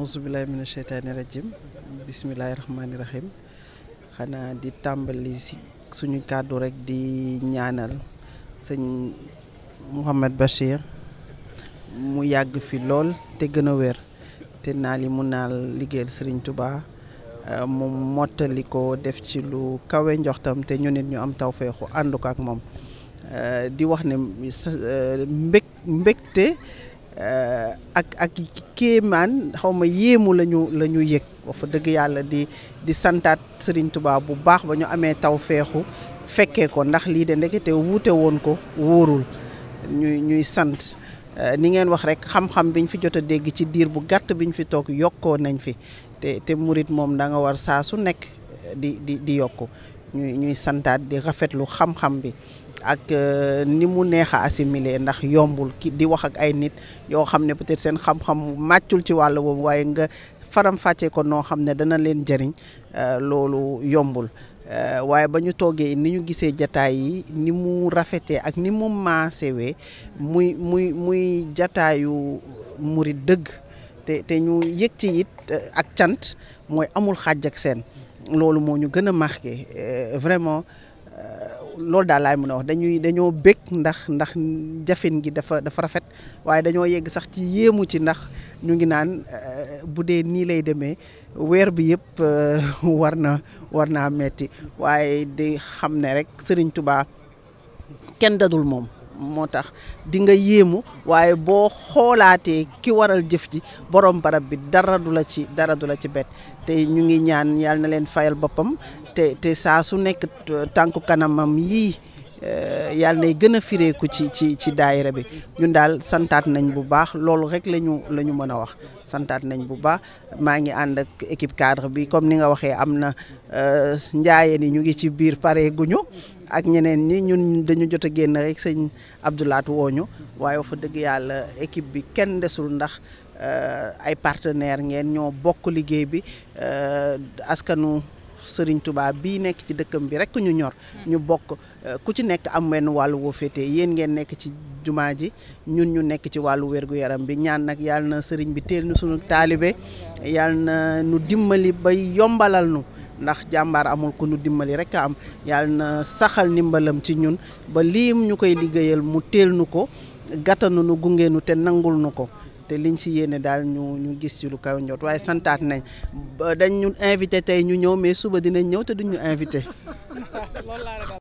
auzubillahi mina sheytaani rajim bisimilahi rahmaani rahim xanaa di tàmbali si suñu kàddu rekk di ñaanal sëñ Mouhamed Bachir mu yàgg fi lool te gën a wér te naal yi mu naal liggéeyal Serigne Touba euh, mu mottali ko def ci lu kawe njoxtam te ñu nit ñu am tawfeexu ànd ak moom euh, di wax ne euh, mbég mbégte Euh, ak ak kéemaan xaw ma yéemu lañu lañu la ñu yëg wax fa dëgg yàlla di di santaat Serigne Touba bu baax ba ñu amee taw feexu fekkee ko ndax lii de te wuute woon ko wóorul ñuy ñuy sant euh, ni ngeen wax rek xam-xam biñ fi jot a dégg ci diir bu gàtt ñu fi toog yokkoo nañ fi te te murit moom danga war saa su nekk di di di yokku ñuy ñuy santaat di rafetlu xam-xam bi ak euh, ni mu neex a ndax yombul ki di wax ak ay nit yoo xam ne peut-être seen xam-xam màccul ci wàll boobu waaye nga faramfàccee ko noo xam ne dana leen jëriñ euh, loolu yombul euh, waaye ba ñu toogee ni ñu gisee jataay yi ni mu rafetee ak ni mu maasewee muy muy muy jataayu murit dëgg te te ñu yëg ci it ak cant mooy amul xàjj ak seen loolu moo ñu gën a marqué euh, vraiment euh, loolu daal laay mën a wax dañuy dañoo bëgg ndax ndax jafin gi dafa dafa rafet waaye dañoo yegg sax ci yéemu ci ndax ñu ngi naan euh, bu dee nii lay demee weer bi yëpp war na war naa metti waaye di xam ne rek sëriñ Touba kenn dadul moom. moo tax dinga yéemu waaye boo xoolaatee ki waral jëf ji borom barab bi dara du ci dara du ci bet te ñu ngi ñaan yàlla na leen fayal boppam te te saa su nekk tànku kanamam yii Euh, yàlla nay gën a fireeku ci ci ci daayira bi ñun daal santaat nañ bu baax loolu rek lañu la ñu mën a wax santaat nañ bu baax maa ngi ànd ak équipe cadre bi comme ni nga waxee am na euh, njaaye ni ñu ngi ci biir pare ñu ak ñeneen ñi ñun dañu jot a génn rek sëñ Abdoulaat ñu waaye wax fa dëgg yàlla équipe bi kenn desul ndax euh, ay partenaire ngeen ñoo bokk liggéey bi askanu Serigne tubaab bii nekk ci dëkkam bi rek ñu ñor ñu bokk euh, ku ci nekk am wenn wàllu woo féete yéen ngeen nekk ci jumaa ji ñun ñu nekk ci wàllu wér yaram bi ñaan nag yàlla na Serigne bi teel nu sunu taalibe yàlla na nu dimbali ba yombalal nu ndax jàmbar amul ku nu dimbali rek am yàlla na saxal ndimbalam ci ñun ba liim ñu koy liggéeyal mu teel nu ko gàttanu nu gungeenu te nangul nu ko te liñ si yéene daal ñu ñu gis si lu kaw njot waaye santaat nañ dañ ñu invité tey ñu ñëw mais suba dinañ ñëw te duñ ñu invité.